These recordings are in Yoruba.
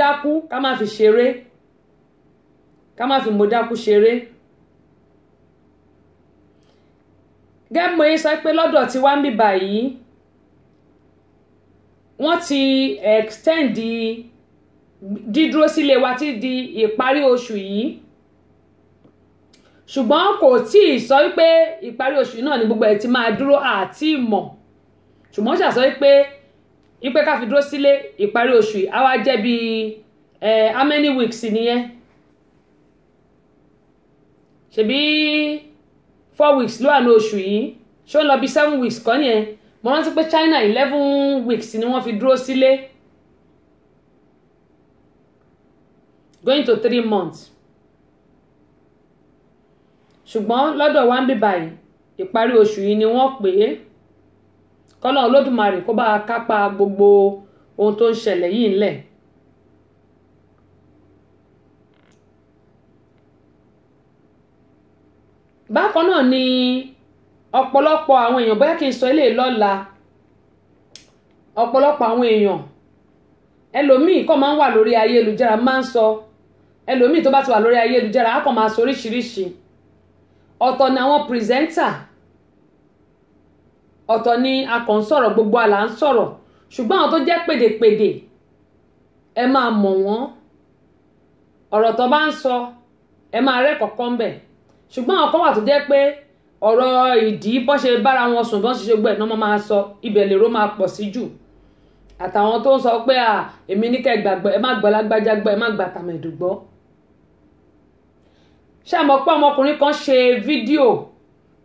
dákú ká má fi ṣeré ká má fi mo dákú ṣeré gẹ́gbọ́n yín sọ pé lọ́dọ̀ tí wá ń bì báyìí wọ́n ti extend dídúró sílé wa ti di ìparí oṣù yìí ṣùgbọ́n kò tí ì sọ wípé ìparí oṣù náà ni gbogbo ẹ̀ ti máa dúró àti ìmọ̀ ṣùgbọ́n ṣàsọ wípé ipe ká fi dúró sílé ìparí oṣù yìí á wá jẹ́ bí how many weeks nìyẹn ṣebí four weeks ló wà ní oṣù yìí ṣó ń lọ bí seven weeks kọ́ nìyẹn mo rántí pé China eleven weeks ni wọ́n fi dúró sílé going to three months ṣùgbọ́n lọ́dọ̀ wa ń bí báyìí ìparí oṣù yìí ni wọ́n pè é kọ́nà olódùmarè kó bá kápá gbogbo ohun tó ń ṣẹlẹ̀ yìí ńlẹ̀. bákan náà ni ọ̀pọ̀lọpọ̀ àwọn èèyàn bóyá kí n sọ eléyìí lọ́la ọ̀pọ̀lọpọ̀ àwọn èèyàn ẹlòmíì kọ́ máa ń wà lórí ayélujára máa ń sọ ẹlòmíì tó bá ti wà lórí ayélujára á kàn máa sọ oríṣiríṣi ọ̀tọ̀ ni àwọn pírẹsẹ́ńtà ọ̀tọ̀ ni a kàn ń sọ̀rọ̀ gbogbo àlà ń sọ̀rọ̀ ṣùgbọ́n àwọn tó jẹ́ pèdèpèdè ẹ máa mọ̀ wọ́n ọ̀rọ̀ tó bá ń sọ ẹ máa rẹ́ kọ̀ọ̀kan ń bẹ̀ ṣùgbọ́n àwọn kan wà tó jẹ́ pé ọ̀rọ̀ ìdí bọ́ ṣe bára wọn sùn bọ́n ṣe ṣe gbẹ̀ náà máa sọ ibẹ̀ lèrò máa pọ̀ sí jù àtàwọn tó ń sọ pé à èmi ní kẹ́ gbàgbọ́ ẹ má gbọ́ lágbájá gbọ́ ẹ má gbà tàmẹ̀dù gbọ́ ṣé àmọ́ pé ọmọkùnrin kan ṣe fídíò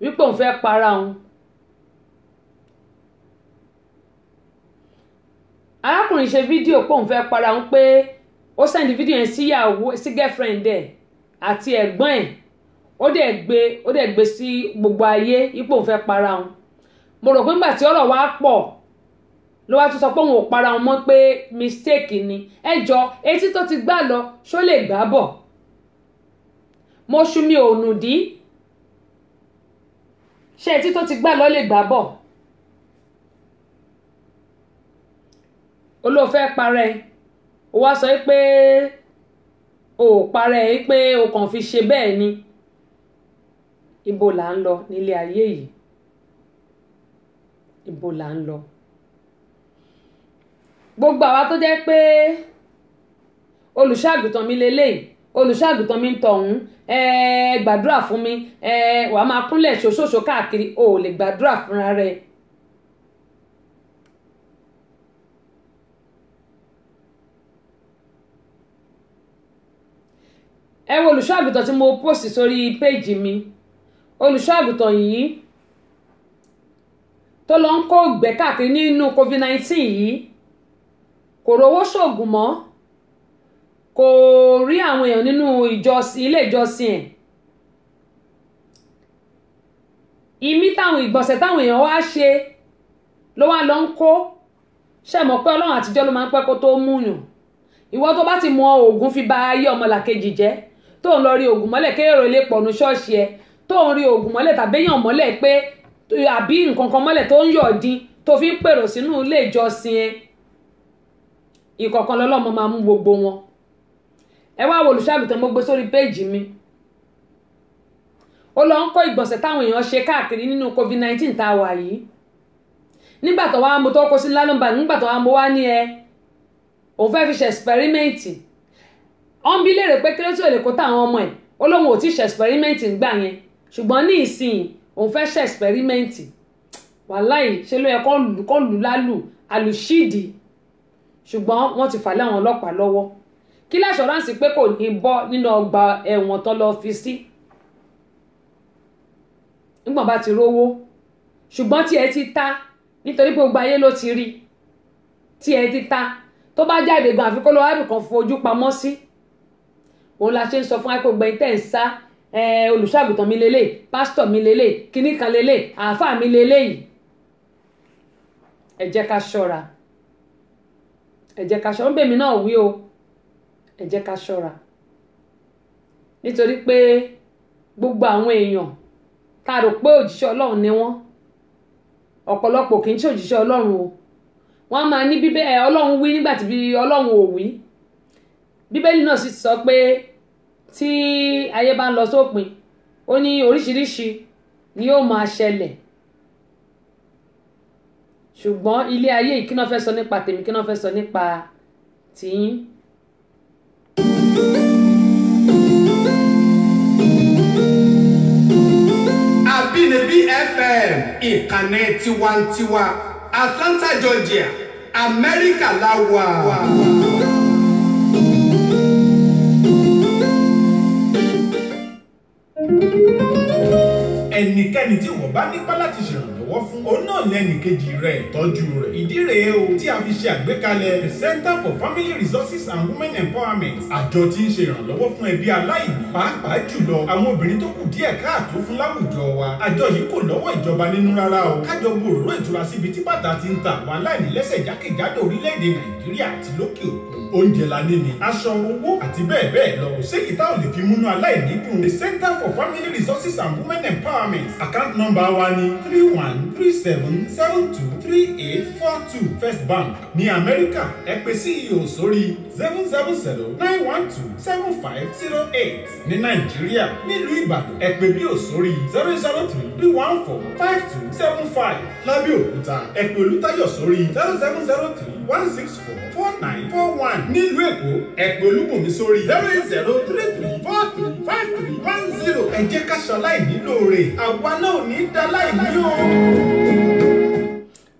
wípé òun fẹ́ para òun arákùnrin ṣe fídíò pòun fẹ́ para òun pé ó sẹ́ndí fídíò yẹn síyàwó sí girlfriend ẹ̀ àti ẹ̀gbọ́n ẹ̀ ó dẹ̀ gbé ó dẹ̀ gbé sí gbogbo ayé ipò òun fẹ́ para òun mo rò pé nígbà tí ọ̀rọ̀ wa pọ̀ ló wá tún sọ pé òun ò para òun mọ́ pé mistake ni ẹ jọ etí tó ti gbà lọ ṣó lè gbà bọ̀ mo ṣu mi òònù dí ṣé etí tó ti gbà lọ lè gbà bọ̀ ó ló fẹ́ parẹ́ ó wá sọ pé ó parẹ́ pé ó kàn fi ṣe bẹ́ẹ̀ ni ibo là ń lọ nílé ayé yìí ibo là ń lọ gbogbo àwa tó jẹ́ pé olùṣàgùtàn mi lélẹ́yìí olùṣàgùtàn mi ń tọ̀hún ẹ̀ẹ́ gbàdúrà fún mi ẹ̀ẹ́ wàá máa kúnlẹ̀ ṣoṣooṣo káàkiri o ò lè gbàdúrà fúnra rẹ̀ ẹ wo olùṣọ́ àgùntàn tí mo post sórí péjì mi olùṣọ́ àgùntàn yìí tó lọ ń kó gbẹ́ káàkiri nínú covid nineteen yìí kò rówó ṣoògùn mọ́ kò rí àwọn èèyàn nínú ìjọsìn ilé ìjọsìn ẹ̀ ìmí táwọn ìgbọ̀nsẹ̀ táwọn èèyàn wá ṣe ló wá lọ ń kó ṣe pé ọlọ́run àtijọ́ ló máa ń pẹ́ kó tó múyàn ìwọ tó bá ti mọ oògùn fi ba ayé ọmọlàkejì jẹ́ tó ń lọ rí oògùn mọ́lẹ̀ kéèrò ilé pọ̀nù ṣọ́ọ̀ṣì ẹ tó ń rí oògùn mọ́lẹ̀ tàbéyàn mọ́lẹ̀ pé àbí nǹkan kan mọ́lẹ̀ tó ń yọ̀ dín tó fi ń pèrò sínú ilé ìjọsìn ẹ ìkọ̀kan lọ́lọ́mọ máa mú gbogbo wọn ẹ wá wo olùṣàgùtàn mo gbé sórí péèjì mi ó lọ ń kó ìgbọ̀nsẹ̀ táwọn èèyàn ṣe káàkiri nínú covid nineteen tá a wà yìí nígbà tó wá mo tó kó sí lálùbàdàn nígbà tó wá mo wá ní ẹ òun fẹ́ fi ṣe ẹ̀sìpẹ́rímẹ́ǹtì ọ́n bí léèrè pé kérésì ò lè kó táwọn ọmọ ẹ̀ ó lóun ò tí ṣe experiment gbà yẹn ṣùgbọ́n ní ìsìn òun fẹ́ ṣe experiment wàláì ṣe ló yẹ kó lù lálù àlùṣíìdì ṣùgbọ́n wọ́n ti fà láwọn ọlọ́pàá lọ́wọ́ kí láṣọ̀ránsì pé kò ní bọ́ nínú ọgbà ẹ̀wọ̀n tán lọ́ọ́ fi sí nígbà bá ti rówó ṣùgbọ́n tí ẹ ti ta nítorí pé gbogbo ayé ló ti rí tí ẹ ti ta tó bá jáde gan àfikún lọ́wọ́ àbìkan fojú pamọ́ sí. Si òun la ṣe ń sọ fún wa pé gbẹ̀yìn tẹ̀ ń sá olùṣàgùtàn mi lélẹ̀ pásítọ̀ mi lélẹ̀ kíní kan lélẹ̀ àáfàá mi lélẹ̀ yìí ẹ jẹ́ ká ṣọ́ra ẹ jẹ́ ká ṣọ́ra ń bèmí náà wí o ẹ jẹ́ ká ṣọ́ra nítorí pé gbogbo àwọn èèyàn tá a rò pé òjíṣẹ́ ọlọ́run ni wọ́n ọ̀pọ̀lọpọ̀ kì í ṣe òjíṣẹ́ ọlọ́run o wọ́n á máa ní bíbẹ́ ọlọ́run wí nígbà tí ọlọ́run ò wí bíbélì náà sì sọ pé tí ayé bá ń lọ sópin ó ní oríṣiríṣi ni yóò máa ṣẹlẹ̀ ṣùgbọ́n ilé ayé yìí kí náà fẹ́ sọ nípa tèmi kí náà fẹ́ sọ nípa tìyín. Àbínibí FM ìkànnì tiwantiwa Atlanta Georgia Amẹ́ríkà la wà. Wow. ẹnikẹ́ni tí wọ́n bá nípa láti ṣèrànlọ́wọ́ fún òun náà lẹ́nìkejì rẹ̀ tọ́jú rẹ̀. ìdí rèé o tí a fi ṣe àgbékalẹ̀ the Center for Family Resources and Women Empowerment àjọ tí ń ṣe ìrànlọ́wọ́ fún ẹbí aláìní pàápàá jùlọ àwọn obìnrin tó kù díẹ̀ káàtó fún láwùjọ wa àjọ yìí kò lọ́wọ́ ìjọba nínú rárá o kájọ gbòòrò ìtura síbi tí bàtà ti ń ta àwọn aláìní lẹ́sẹ̀ jákèjádò orílẹ̀-èdè Nàìjíríà àti lókè òkun oúnjẹ la ní ni aṣọ owó àti bẹ́ẹ̀ bẹ́ẹ̀ lọ kò sí ìta ò lè fi múnú aláìní dùn the center for family resources and women empowerment account number wa ni three one three seven seven two three eight four two first bank ní amẹ́ríkà ẹ pè ceo sórí seven seven zero nine one two seven five zero eight ní nàìjíríà nílùú ìbàdàn ẹ pè bí e O. sórí zero zero three three one four five two seven five lábẹ́òkúta ẹ pè olùtayọ̀ sórí zero seven zero three one six four four nine four one nílùú èkó ẹ̀pẹ́ olúbùnmi sórí zero eight zero three three four three five three one zero ẹ jẹ́ ká ṣaláì nílò rẹ̀ àwa náà ò ní dá láì ní o.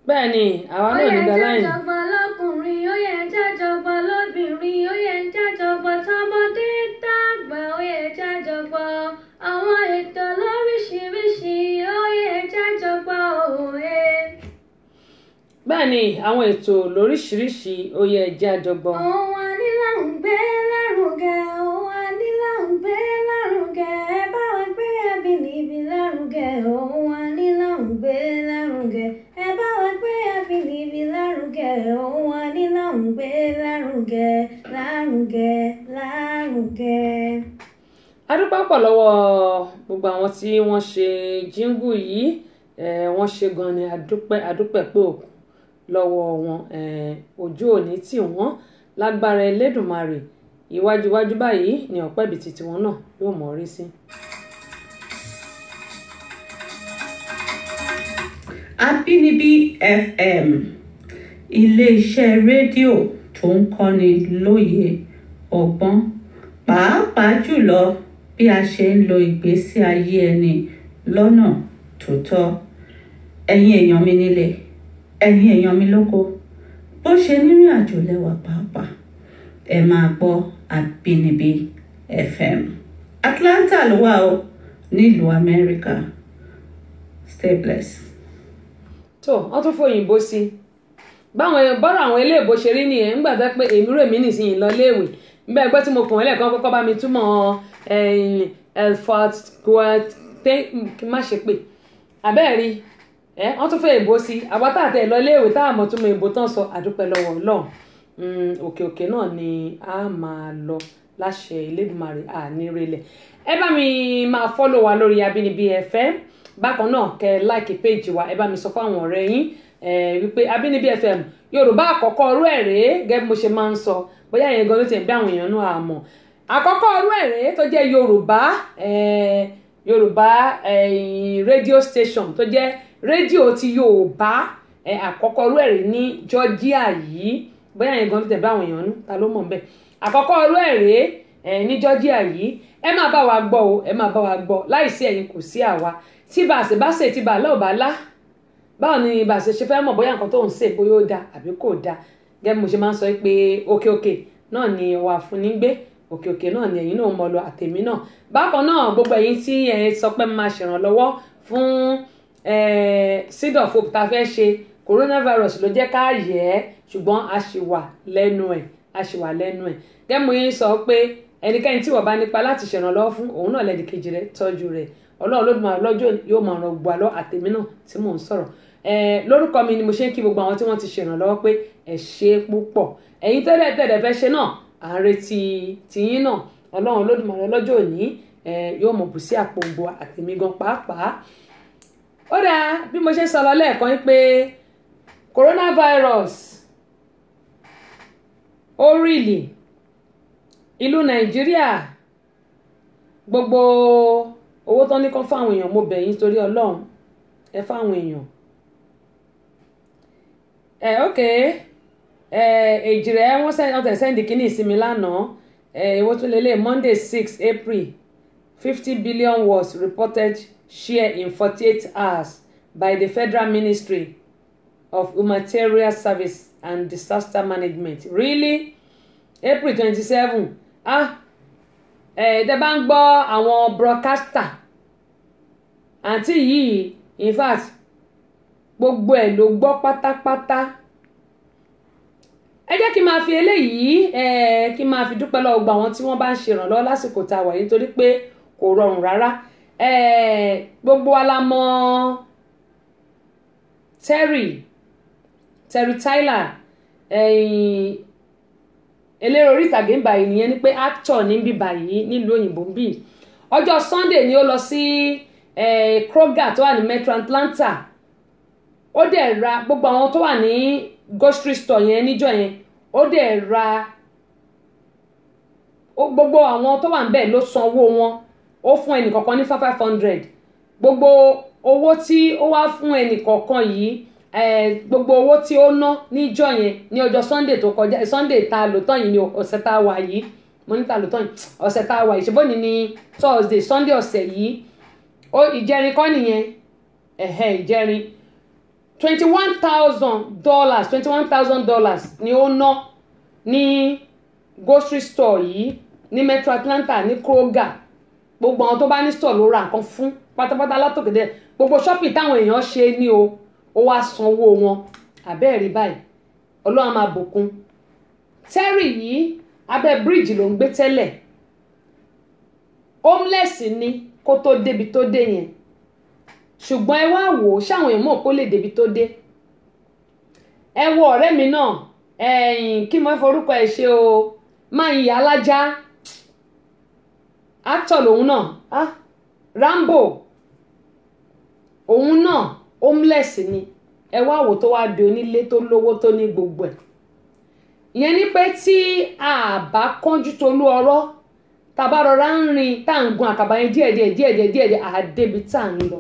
bẹ́ẹ̀ ni àwa náà ò ní dá láì ní. bẹ́ẹ̀ ni àwọn ètò lóríṣiríṣi ó yẹ ẹ̀jẹ̀ àjọgbọ́n. ohun anílà ń gbé lárugẹ ohun anílà ń gbé lárugẹ ẹ bá wa gbé ẹbí níbi lárugẹ ohun anílà ń gbé lárugẹ ẹ bá wa gbé ẹbí níbi lárugẹ ohun anílà ń gbé lárugẹ lárugẹ lárugẹ. a dúpẹ́ pọ̀ lọ́wọ́ gbogbo àwọn tí wọ́n ṣe jíngù yìí wọ́n ṣe gan-an ni a dúpẹ́ a dúpẹ́ pé òkú lọ́wọ́ wọn òjò ò ní tì wọ́n lágbára Elédùmarè iwájúwájú báyìí ni ọ̀pẹ́bìtì tiwọn náà yóò mọ̀ sí. Àbínibí FM iléeṣẹ́ rédíò tó ń kọ́ni lóye ọgbọ́n pàápàá jùlọ bí a ṣe ń lo ìgbésí ayé ẹni lọ́nà tó tọ́ ẹ̀yin èèyàn mi nílé ẹ̀yin èèyàn mi lóko bó ṣe nírìn àjò lẹ́wà pàápàá ẹ máa gbọ́ Àbínibí FM Atlanta ló wà ó nílùú Amẹ́ríkà stay blessed. tó wọn tún fòyìnbó sí báwọn bọ́rọ̀ àwọn eléèbó ṣe rí nìyẹn ń gbàdá pé èmi rò mí nìsín lọ léèwé nígbà ẹgbẹ́ tí mo kàn wọ́n lẹ́ẹ̀kan kọ́kọ́ bá mi túmọ̀ ẹ̀fọ́ eh, kí má ṣe pé abẹ́ẹ̀ rí ẹ wọ́n tún fẹ́ èbó sí àbátà àtẹ ìlọ iléèwé tá a mọ̀ tún mọ èbó tán sọ àdúpẹ́ lọ́wọ́ ọlọ́run hmm, òkè òkè náà ni a máa lọ láṣẹ Elédùmarè ànírelẹ̀ ẹ bá mi máa fọ́lọ̀ wa lórí Abínibí FM bákan náà kẹ láìkì péèjì wa ẹ bá mi sọ fáwọn ọ̀rẹ́ yín wípé Abínibí FM Yorùbá àkọ́kọ́ ọrú ẹ̀ rèé gẹ́gẹ́ bí mo ṣe máa ń sọ bóyá ìyẹn gan ló ti ń bí àwọn èèyàn náà àmọ́ àkọ́kọ́ ọrú ẹ̀ rèé tó jẹ́ Yorùbá Yorùbá rédíò station tó jẹ́ rédíò ti Yorùbá ẹ àkọ́kọ́ rú ẹ̀rí ní Georgia yìí bóyá yẹn gan tẹ̀ bá àwọn èèyàn nú ta ló mọ̀ bẹ́ẹ̀ àkọ́kọ́ rú ẹ̀rí ẹ ní Georgia yìí ẹ máa bá wa gbọ́ o ẹ máa bá wa gbọ́ láìsí ẹ̀yin kò sí àwa tí bàṣẹ bá ṣe tí bàálà ò bá lá báwo ni bàṣẹ ṣe fẹ́ mọ̀ bóyá nǹkan tó ń ṣe bóyá ó da àbí kò da gẹ́gẹ́ mo ṣe máa ń sọ pé òkè òkè náà ni wà fún ní gbé òkè òkè náà ni ẹ̀yin náà mọ̀ lọ àtẹ̀mí náà bákan náà gbogbo ẹ̀yin tí ẹ sọ pé máa ṣèrànlọ́wọ́ fún Eh, sídàn fòp tá a fẹ́ ṣe coronavirus ló jẹ́ ká yẹ̀ ẹ́ ṣùgbọ́n a ṣì wà lẹ́nu ẹ̀ a ṣì wà lẹ́nu ẹ̀ gẹ́mù yín sọ pé ẹnikẹ́ni tí wọ́n bá nípa láti ṣèrànlọ́wọ́ fún òun náà lẹ́nu kejì rẹ̀ tọ́jú rẹ̀ ọlọ́run ló máa lọ́jọ́ yóò máa ràn gbọ́ àlọ́ àtèmi náà tí mò ń sọ̀rọ̀ eh, lórúkọ mi ni mo ṣe ń kí gbogbo àwọn tí wọ́n ti ṣèrànlọ́wọ́ pé ẹ ṣe púpọ̀ ẹ̀yin tẹ́lẹ̀ tẹ́lẹ̀ fẹ́ ṣe náà à ń retí tiyín náà ọlọ́run ló lọ́jọ́ òní eh, yóò mọ̀ bù sí àpò ògbó àtèmi gan pàápàá ó dáa bí mo ṣe sọ lọ lẹ́ẹ̀kan pé coronavirus ó ìlú nàìjíríà gbogbo owó tán ní kán fáwọn èèyàn mo bẹ̀ torí ọlọ́run ẹ fáwọn èèyàn ẹ ok èjì èjìrẹ wọn tẹ sẹ́ndì kínní ìsinmi lánàá ẹ ìwọ́túnlélẹ̀ monday six april fifty billion was reported share in 48 hours by the Federal Ministry of Humanitarian Service and Disaster Management. Really? April 27. Ah, eh, ẹ̀ẹ́dẹ́ bá ń gbọ́ àwọn broadcaster àǹtí yìí in fact gbogbo ẹ̀ ló gbọ́ pátápátá ẹ jẹ́ kí n máa fi eléyìí kí n máa fi dúpẹ́ lọ́wọ́ gbogbo àwọn tí wọ́n bá ń ṣèrànlọ́wọ́ lásìkò tá a wà yìí nítorí pé kò rọrùn rárá gbogbo wa la mọ̀ Terry Terry Tyler eléré orí ìtàgé ń báyìí nìyẹn ni pé actor ní bí báyìí nílùú òyìnbó ń bì ọjọ́ Sunday ni ó lọ sí Kroger tó wà ní Metro Atlanta ó dẹ̀ ra gbogbo àwọn tó wà ní grocery store yẹn níjọ́ yẹn ó dẹ̀ ra gbogbo àwọn tó wà ń bẹ̀ ló sanwó wọn ó fún ẹnì kọ̀ọ̀kan ní five hundred gbogbo owó tí ó wá fún ẹnì kọ̀ọ̀kan yìí gbogbo owó tí ó ná níjọ́ yẹn ní ọjọ́ sunday tó kọjá sunday ta lòtán yìí ní ọ̀sẹ̀ tá a wà yìí mọ́nítà lòtán yìí ọ̀sẹ̀ tá a wà yìí ṣùgbọ́n ní ní thursday sunday ọ̀sẹ̀ yìí ó ìjẹrin kọ́ nìyẹn ẹ̀hẹ́ ìjẹrin twenty one thousand dollars twenty one thousand dollars ni ó ná ní grocery store yìí ní metro atlanta ní kroger gbogbo àwọn tó bá ní store ló ra nǹkan fún pátápátá látòkè dé gbogbo shopping táwọn èèyàn ṣe ní o ó wá sanwó wọn àbẹ́ẹ̀rí báyìí ọlọ́run máa bùkún Terry yìí abẹ́ bíríìjì ló ń gbé tẹ́lẹ̀ homeless ni kó tó débi tó dé yẹn ṣùgbọ́n ẹ wá wò ó ṣáwọn èèyàn mọ̀ kó lè débi tó dé ẹ wo ọ̀rẹ́ mi náà ẹ̀yìn kí mo forúkọ ẹ̀ ṣe o máa ń yà á lájá actor lòun náà ah Rambo òun náà homeless ni ẹ wá wò tó wá di onílé tó lówó tó ní gbogbo ẹ̀ ìyẹn ni pé tí a bá kánjú tolú ọ̀rọ̀ tá a bá rọra ń rìn tá à ń gun àkàbà yẹn díẹ̀díẹ̀ díẹ̀díẹ̀ díẹ̀díẹ̀ àdébi tá à ń lọ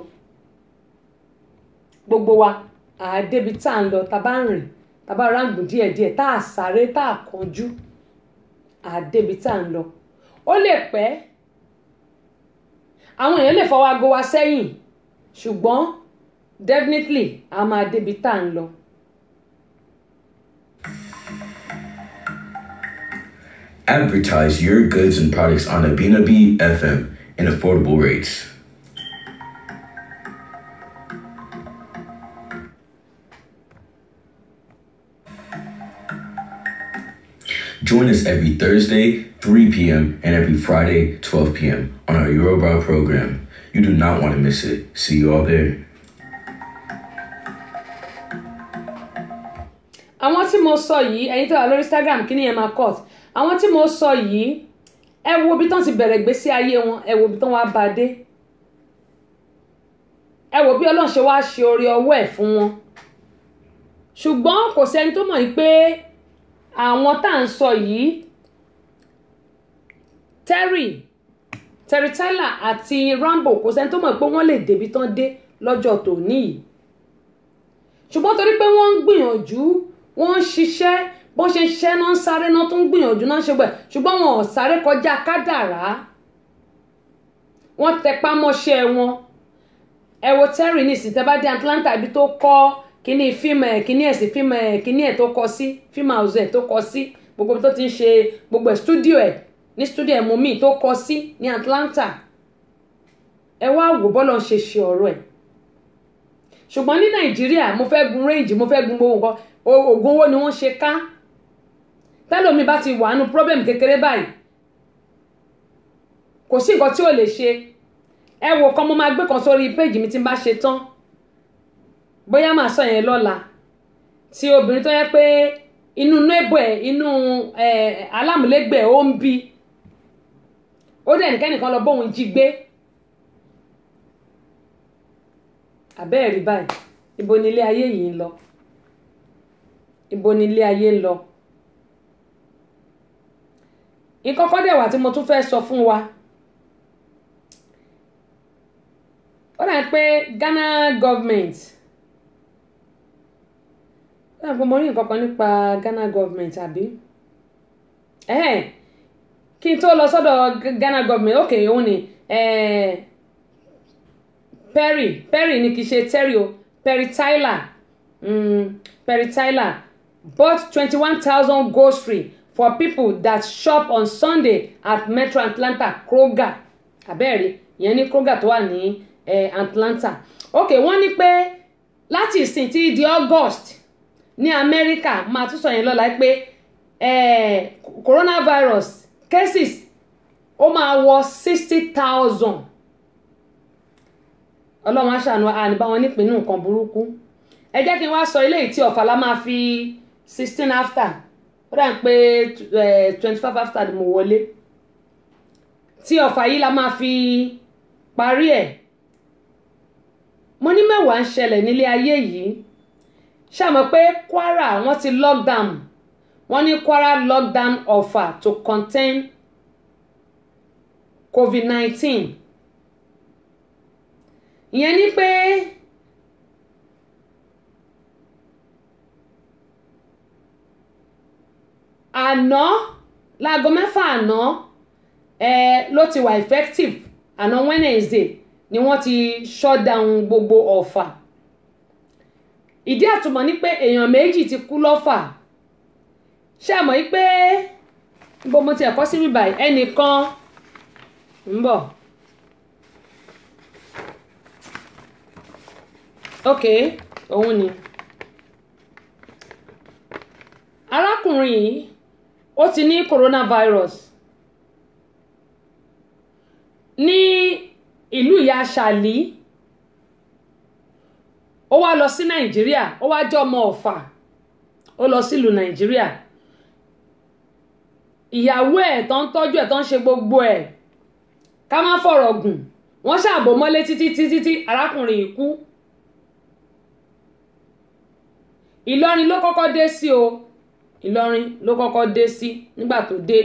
gbogbo wa àdébi tá à ń lọ tá a bá ń rìn tá rọra ń gùn díẹ̀díẹ̀ tá a sáré tá a kánjú àdébi tá à ń lọ ó lè pẹ́ àwọn èèyàn lè fọwọ́ aago wa sẹ́yìn ṣùgbọ́n definitely a máa débi tá à ń lọ. Advertise your goods and products on Abinabi FM in affordable rates. Join us every Thursday, 3 p.m., and every Friday, 12 p.m. on our Eurobar program. You do not want to miss it. See you all there. àwọn tí mo sọ yìí ẹ̀yin tó wà lórí Instagram kí ni ẹ máa cut àwọn tí mo sọ yìí ẹ wo ibi tán ti bẹ̀rẹ̀ gbésí ayé wọn ẹ wo ibi tán wá bá dé ẹ wo bí Ọlọ́run ṣe wá ṣe oore ọwọ́ ẹ̀ fún wọn ṣùgbọ́n kò sẹ́ni tó mọ̀ yìí pé àwọn tá à ń sọ yìí Terry Terry Tyler àti Rambo kò sẹ́ni tó mọ̀ pé wọ́n lè débi tán dé lọ́jọ́ tòní yìí ṣùgbọ́n torí pé wọ́n ń gbìyànjú wọ́n ń ṣiṣẹ́ bó ṣe ń ṣiṣẹ́ náà ń sáré náà tó ń gbìyànjú náà ṣe gbẹ̀ ṣùgbọ́n wọn ò sáré kọjá kádàrá wọ́n tẹpá mọ́ṣẹ́ wọn ẹ wo Terry nísìnyí tẹ́ bá dé Atlanta ibi tó kọ́ kíní fíìmù ẹ̀ kíní ẹ̀ sí fíìmù ẹ̀ kíní ẹ̀ tó kọ sí fíìmù house ẹ̀ tó kọ sí gbogbo tó ti ń ṣe gbogbo ẹ̀ stúdíò ẹ̀ ní stúdíò ẹ̀ mumi tó kọ sí ní Atlanta ẹ wá wò bọ́lọ̀ ṣe ṣe ọ̀rọ̀ ẹ̀ ṣùgbọ́n ní Nàìjíríà mo fẹ́ gun range mo fẹ́ gun gbogbo nǹkan oògùn owó ni wọ́n ṣe ká tẹ́lómi bá ti wà nù problem kékeré báyìí kò sí nǹkan tí ò lè ṣe ẹ wò kan mo máa gbé kan sórí péjì mi tí n bá ṣe tán bóyá màá sọ yẹn lọ́la tí obìnrin tó yẹ pé inú nébọ̀ ẹ̀ inú alámúlégbè ó ń bí ó dẹ̀ nìkẹ́nìkan lọ bóun jí gbé àbẹ́ẹ̀ rí báyìí ibo ni ilé ayé yìí ń lọ ibo ni ilé ayé ń lọ ìkọ́kọ́ dẹ̀ wà tí mo tún fẹ́ sọ fún wa ó dà pé Ghana government ẹ kò mọ rí nǹkan kan nípa Ghana government àbí kí n tó lọ sọ́dọ̀ Ghana government ok òun ni Perry Perry ni kì í ṣe Terry o Perry Tyler mm, Perry Tyler bought twenty one thousand grocery for people that shop on Sunday at Metro Atlanta Kroger abẹ́rẹ́ ìyẹn ní Kroger tó wà ní eh, Atlanta ok wọ́n ní pé láti ìsìn tí di August ní amẹ́ríkà máa tún sọ yẹn lọ́la pé coronavirus cases ó máa wọ sixty thousand ọlọ́run aṣàánú àníbá wọn nípínú nǹkan burúkú ẹ jẹ́ kí n wá sọ ilé ìtì ọ̀fàlà máa fi sixteen after ó dà ń pé twenty five after ni mo wọlé tí ọ̀fà yìí la máa fi parí ẹ̀ mo ní mẹ́wàá ń ṣẹlẹ̀ nílé ayé yìí ṣàmọ̀ pé Kwara wọ́n ti lockdown wọ́n ní Kwara lockdown offer to contain COVID-19 ìyẹn ni pé àná láago mẹ́fà àná ẹ ló ti wà effective àná Wednesday ni wọ́n ti shut down gbogbo offer. ìdí àtúmọ̀ ni pé èèyàn méjì ti kú lọ́fà ṣé àmọ́ yìí pé bó mo ti ẹ̀kọ́ sí bíbà ẹnìkan ń bọ̀ ok òun ni arákùnrin yìí ó ti ní coronavirus ní ìlú ìyá ṣàlì ó wá lọ sí nàìjíríà ó wá jẹ́ ọmọ ọ̀fà ó lọ sílùú nàìjíríà ìyàwó ẹ̀ tó ń tọ́jú ẹ̀ tó ń ṣe gbogbo ẹ̀ ká má fọ̀rọ̀ gùn wọ́n ṣàbò mọ́lé títí títí tí arákùnrin yìí kú ìlọrin ló kọ́kọ́ dé sí o ìlọrin ló kọ́kọ́ dé sí nígbà tó dé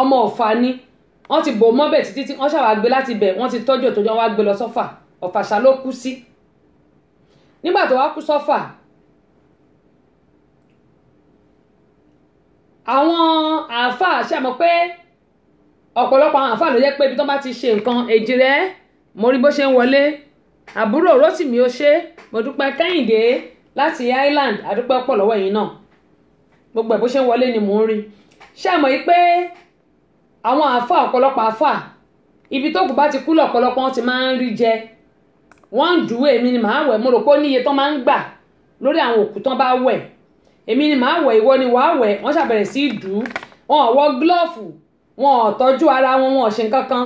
ọmọ ọ̀fà ni wọ́n ti bò mọ́bẹ̀ títí tí wọ́n ṣàwà gbé láti bẹ̀ wọ́n ti tọ́jú ẹ̀ tó jọ wá gbé lọ sọ́fà ọ̀fàṣà ló kú sí. Si nígbà tó wá kú sọ́fà àwọn àáfàá ṣàmọ̀ pé ọ̀pọ̀lọpọ̀ àwọn àáfàá ló yẹ pé ibi tó bá ti ṣe nǹkan èjìrẹ́ mo rí bó ṣe ń wọlé àbúrò Rótìmí ó ṣe mo dúpẹ́ Kẹ́hìndé láti Island àdúpẹ́ pọ̀ lọ́wọ́ yìí náà gbogbo ẹ̀ bó ṣe ń wọlé ni mò ń rí ṣàmọ̀ yìí pé àwọn àáfàá ọ̀pọ̀lọpọ̀ àáfàá ibi tó kù bá ti kú lọ̀pọ̀lọpọ̀ wọn ti máa ń rí jẹ wọ́n ń dùn èmi ni màá wẹ̀ mo rò pé ó níye tán máa ń gbà lórí àwọn òkú tán bá wẹ̀ èmi ni màá wẹ̀ ìwọ ni wàá wẹ̀ wọ́n ṣàbẹ̀rẹ̀ sí í dùn wọn ò wọ gílọ́ọ̀fù wọn ò tọ́jú ara wọn wọn ò ṣe kankan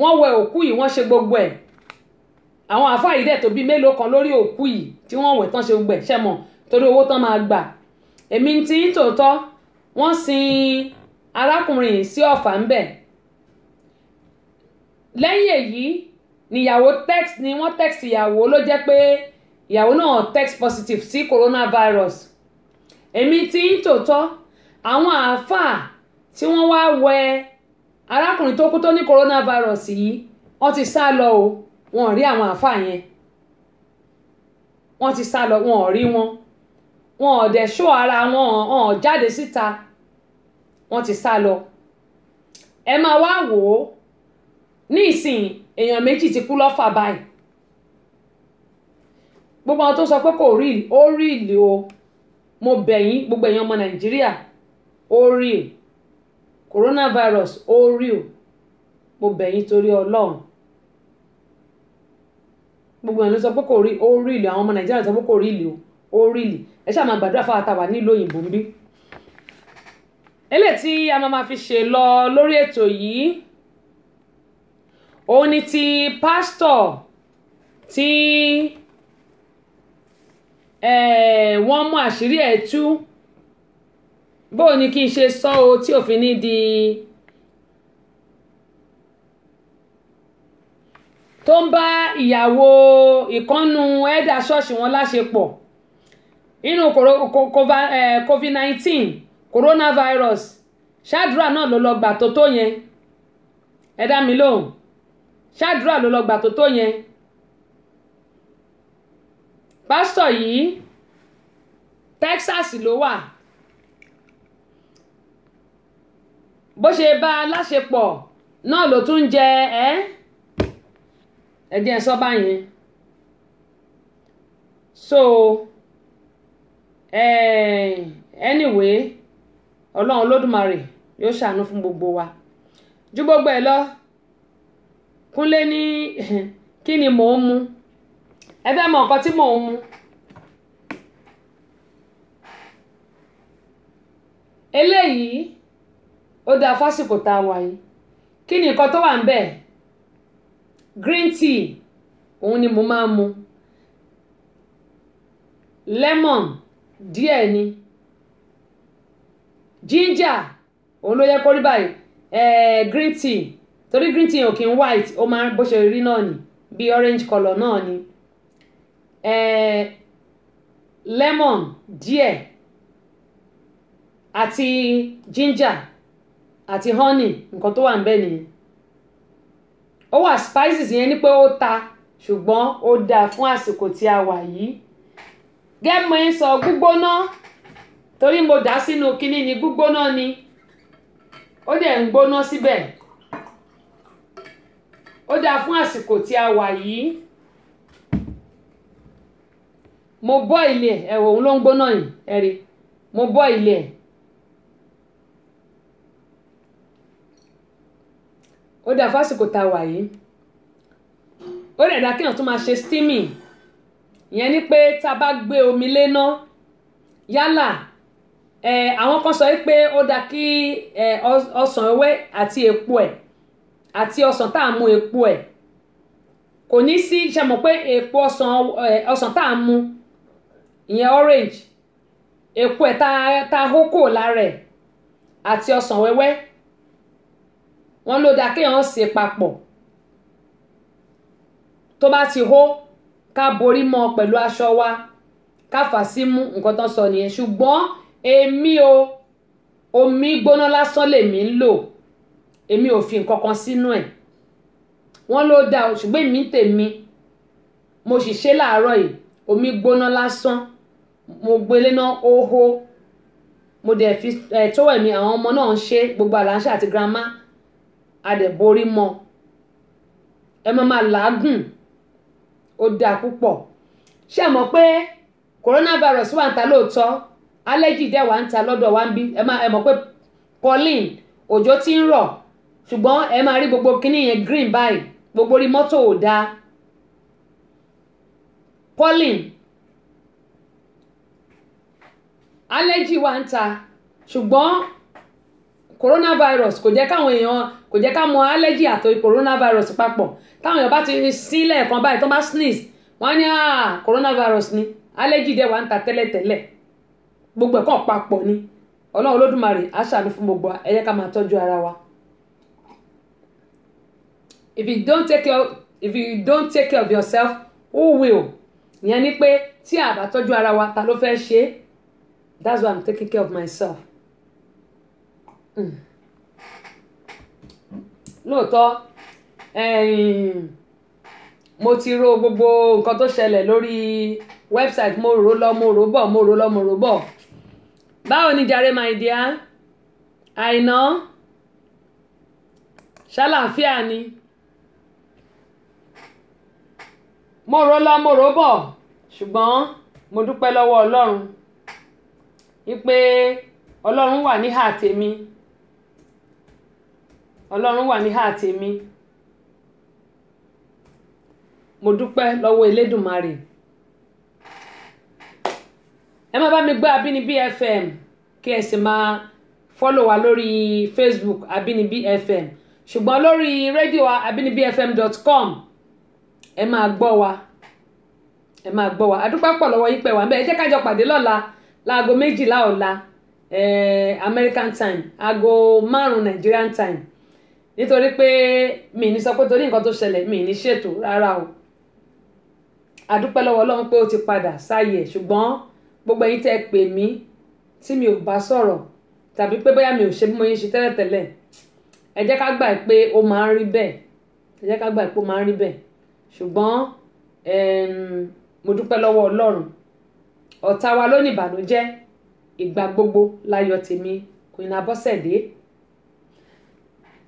wọ́n wẹ̀ òkú yìí wọ́n ṣe gbogbo ẹ̀ àwọn àfáà yìí dẹ̀ tó bíi mélòó kan lórí òkú yìí tí wọ́n wẹ̀ tán ṣe gbogbo ẹ̀ ṣẹ́ mọ̀ torí owó tán máa gbà èmi ti ń tòótọ́ wọ́n sin arákùnrin sí ọ̀fà ńbẹ̀ lẹ́yìn èyí níyàwó text ni wọ́n text ìyàwó ló jẹ́ pé ìyàwó náà text positive sí coronavirus èmi ti ń tòótọ́ àwọn àáfàá tí wọ́n wá wẹ arákùnrin tó kú tó ní coronavirus yìí wọ́n ti sá lọ o wọn ò rí àwọn àáfàá yẹn wọ́n ti sá lọ wọn ò rí wọn wọn ò ṣó ara wọn ò jáde síta wọ́n ti sá lọ ẹ máa wá wò ó ní ìsìn èèyàn méjì ti kú lọ́fà báyìí gbogbo àwọn tó sọ pé kò rí ó rí ìlú o mo bẹ̀ yín gbogbo èèyàn ọmọ nàìjíríà ó rí o coronavirus ó rí o mo bẹ̀ yín torí ọlọ́run gbogbo èèyàn ló sọ pé kò rí ó rí ìlú àwọn ọmọ nàìjíríà ló sọ pé kò rí ìlú ó rí ìlú ẹ ṣáà máa gbàdúrà fáwọn àtàwà nílùú òyìnbó ń bí eléyìí tí a máa ma fi ṣe lọ lórí ètò yìí òun ni ti pásítọ̀ tí eh, wọ́n mú àṣírí ẹ̀ tú bó ni kí n ṣe sọ o tí òfin ní di tó ń bá ìyàwó ìkọ́nú ẹ̀dà ṣọ́ọ̀ṣì wọn láṣepọ̀ nínú eh, covid nineteen coronavirus ṣáàdúrà náà ló lọ gbà tó tó yẹn ẹ dá mi lóhùn ṣáàdúrà ló lọ tó tó yẹn pásítọ̀ yìí Texas ló wà bó ṣe bá a láṣepọ̀ náà ló tún jẹ ẹ ẹ̀jẹ̀ sọ báyìí so anyway ọlọ́run olódùmarè yóò ṣàánú fún gbogbo wa ju gbogbo ẹ̀ lọ kúnlé ní kí ni mò ń mu ẹ fẹ́ mọ nǹkan tí mò ń mu eléyìí ó dáa fásìkò tá a wà yìí kí ni nǹkan tó wà ń bẹ̀ green tea òun ni mo máa ń mu lemon díẹ̀ ni ginger òun ló yẹ kó rí báyìí eh, green tea torí green tea yẹn ò white ó máa bó ṣe rí náà ni bí orange colour náà ni eh, lemon díẹ̀ àti ginger àti honey nǹkan tó wà ń bẹ́ nìyẹn ó wà spices yẹn ni pé ó ta ṣùgbọ́n ó dáa fún àsìkò tí a wà yìí gẹ́mọ̀ ń sọ gbígbóná torí mo dà sínú kínní ni gbígbóná ni ó dẹ̀ ń gbóná síbẹ̀ ó dáa fún àsìkò tí a wà yìí mo bọ́ ilé ẹ̀ òun ló ń gbóná yìí ẹ̀rí mo bọ́ ilé ẹ̀ ó dáa fún àsìkò tá a wà yìí ó dẹ̀ dáa kéèyàn tún máa ṣe steaming ìyẹn ni pé tá a bá gbé omi léná yálà àwọn kan sọ pé ó dáa kí ọsàn ewé àti èpo ẹ̀ àti ọsàn tá à ń mu epo ẹ̀ kò ní sí ṣe mọ̀ pé epo ọsàn ọsàn tá à ń ìyẹn orange epo ẹ̀ tá tá hó kò lára ẹ̀ àti ọsàn wẹ́wẹ́ wọ́n ló dáa kéèyàn ṣe papọ̀ tó bá ti hó ká borí mọ́ pẹ̀lú aṣọ wa ká fà sí mú nǹkan tán sọ nìyẹn ṣùgbọ́n èmi o omi gbóná lásán lèmi ń lò èmi ò fi nǹkan kan sínú ẹ̀ wọ́n ló dá o ṣùgbọ́n èmi tèmi mo sì ṣe láàárọ̀ yìí omi gbóná lásán mo gbélé e náà hóhó mo dẹ̀ fi ẹ̀ tówẹ̀ mi àwọn ọmọ náà ń ṣe gbogbo àlàáṣà àti grandma adẹ̀borí mọ́ ẹ máa máa làágùn ó dáa púpọ̀ ṣé ẹ mọ̀ pé coronavirus wà ń ta lóòótọ́ allergy dẹ̀ wà ń ta lọ́dọ̀ wa ń bí ẹ mọ̀ pé Pauline òjò ti ń rọ̀ ṣùgbọ́n ẹ máa rí gbogbo kinní yẹn green báyìí gbogbo rí mọ́tò ò dáa pollen allergy wa ń ta ṣùgbọ́n coronavirus kò jẹ́ káwọn èèyàn kò jẹ́ ká mọ allergy àti coronavirus papọ̀ táwọn èèyàn bá ti sílẹ̀ kan báyìí tó bá sneeze wọ́n á ní ah, coronavirus ni allergy dẹ̀ wà ń ta tẹ́lẹ̀tẹ́lẹ̀ gbogbo ẹ̀kọ́ papọ̀ ni ọlọ́run olódùmarè á ṣàánú fún gbogbo ẹ̀yẹ́ ká máa tọ́jú ara wa. if you don't take care if you don't take care of yourself who will ìyẹn ni pé tí a bá tọ́jú ara wa ta ló fẹ́ ṣe that's why i'm taking care of myself. Mm. lóòótọ́ mo ti ro gbogbo nǹkan tó ṣẹlẹ̀ lórí website mo rò lọ mo rò bọ̀ mo rò lọ mo rò bọ̀ báwo ni jare my dear àìná ṣàlàáfíà ni. mo rò lọ mo rò bọ̀ ṣùgbọ́n mo dúpẹ́ lọ́wọ́ ọlọ́run wípé ọlọ́run wà níhà tèmi ọlọ́run wà níhà tèmi mo dúpẹ́ lọ́wọ́ elédùnmarè ẹ má bá mi gbọ́ Abínibí FM kí ẹ sì máa fọ́lọ̀ wa lórí Facebook Abínibí FM ṣùgbọ́n lórí rédíò abínibí fm dot com ẹ máa gbọ́ wa ẹ máa gbọ́ wa àdúpá pọ̀ lọ́wọ́ yín pẹ̀ wá bẹ́ẹ̀ ẹ jẹ́ ká jọ pàdé lọ́la láago méjìlá ọ̀la American time aago márùn Nigerian time nítorí pé mi ní sọ pé torí nǹkan tó ṣẹlẹ̀ mi ní ṣètò rárá o àdúpẹ́ lọ́wọ́ Ọlọ́run pé ó ti padà sáyè ṣùgbọ́n gbogbo ẹ̀yin tẹ́ ẹ pè mí tí mi ò bá sọ̀rọ̀ tàbí pé bóyá mi ò ṣe bí mo yín ṣe tẹ́lẹ̀tẹ́lẹ̀ ẹ jẹ́ ká gbà pé ó máa ń rí bẹ́ẹ̀ ẹ jẹ́ ká gbà pé ó máa ń rí bẹ́ẹ̀ ṣùgbọ́n mo dúpẹ́ lọ́wọ́ ọlọ́run ọ̀tá wa ló ní ìbànújẹ́ ìgbà gbogbo láyọ̀ tèmi Queen Abọ́sẹ̀dé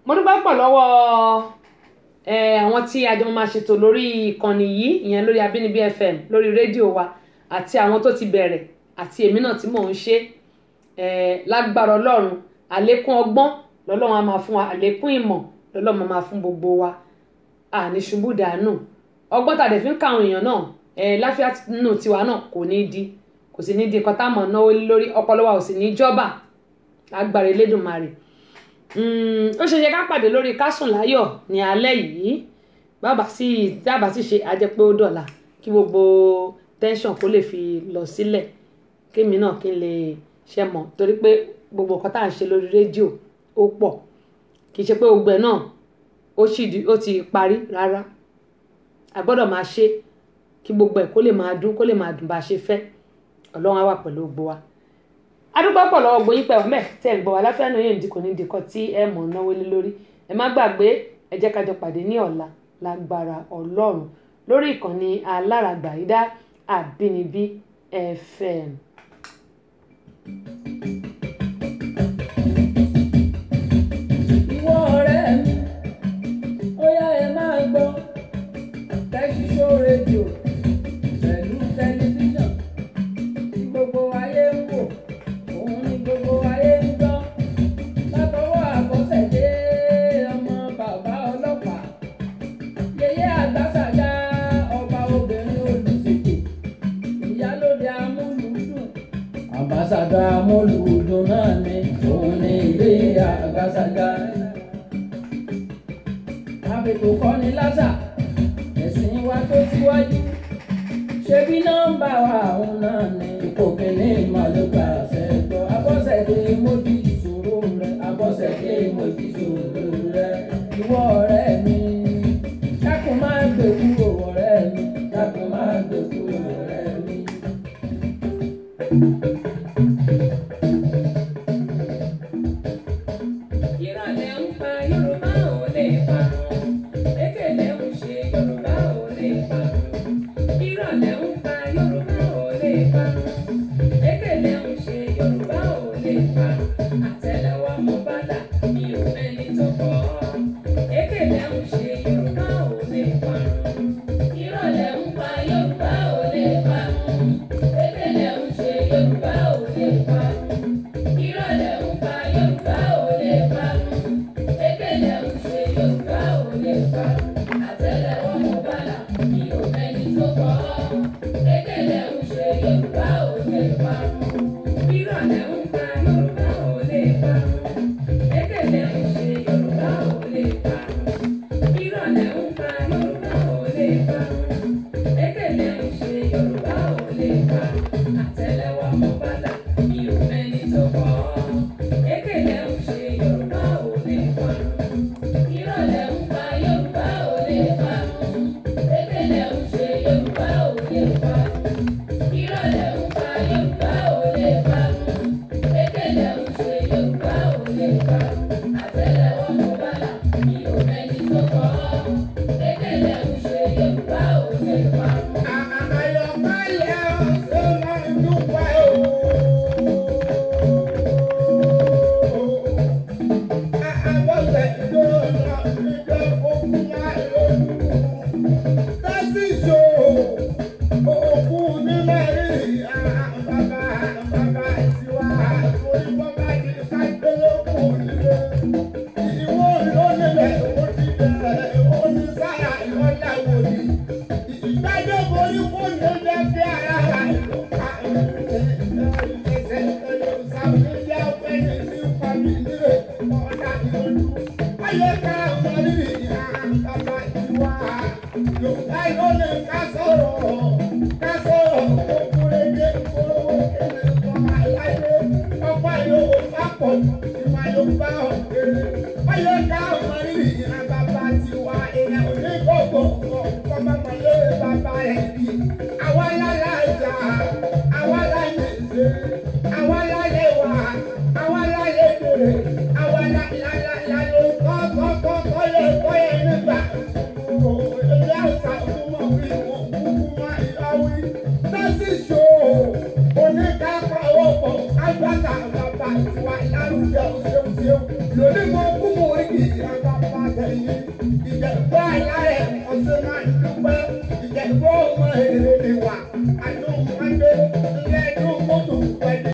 mo dúpẹ́ pọ̀ lọ́wọ́ eh, àwọn tí a jọ máa ṣètò lórí ìkànnì yìí ìyẹn lórí Abínibí FM lórí rédíò wa àti àwọn tó ti bẹ̀rẹ̀ àti èmi náà tí mò ń ṣe eh, lágbára ọlọ́run àlékún ọgbọ́n lọ́lọ́run á máa fún wa àlékún ìmọ̀ lọ́lọ́run á máa fún gbogbo wa àní dànù ọgbọ́n tàdé fi ń kàwọn èèyàn náà láfíà nù tiwa náà kò ní di kò sì ní di nǹkan táwọn náwó lórí ọpọlọ wa ò sì ní jọba agbára Elédùmarè hmm, ó ṣe yẹ ká pàdé lórí kásùn láyọ̀ ní alẹ́ yìí bàbá sì dábàá sì ṣe àjẹpé ó dọ̀la kí gbogbo tẹ́ńsọ̀n kó lè fi lọ sílẹ̀ kémi náà kí n lè ṣe mọ̀ torí pé gbogbo nǹkan tá à ń ṣe lórí rédíò ó pọ̀ kì í ṣe pé gbogbo náà ó ti parí rárá a gbọ́dọ̀ máa ṣe kí gbogbo ẹ̀ kó lè máa dún kó lè máa dùn bá a ṣe fẹ́ ọlọ́run á wà pẹ̀lú gbogbo wa adúgbò pọ̀ lọ́wọ́ gbóyín pẹ̀ ọ̀mẹ́ tẹ́ ń gbọ́ wa láfẹ́ nu yìí ń dikò ní dikọ̀ tí ẹ mọ̀ ń náwó lé lórí ẹ má gbàgbé ẹ jẹ́ ká jọ pàdé ní ọ̀la lágbára ọlọ́run lórí ìkànnì aláràgbà ìdá àbínibí fm. ìwọ ọ̀rẹ́ mi ẹ máa gbọ́. joelho. Yorùbá ò lè pa. Ìrọ̀lẹ́ ń pa Yorùbá ò lè pa. I don't know.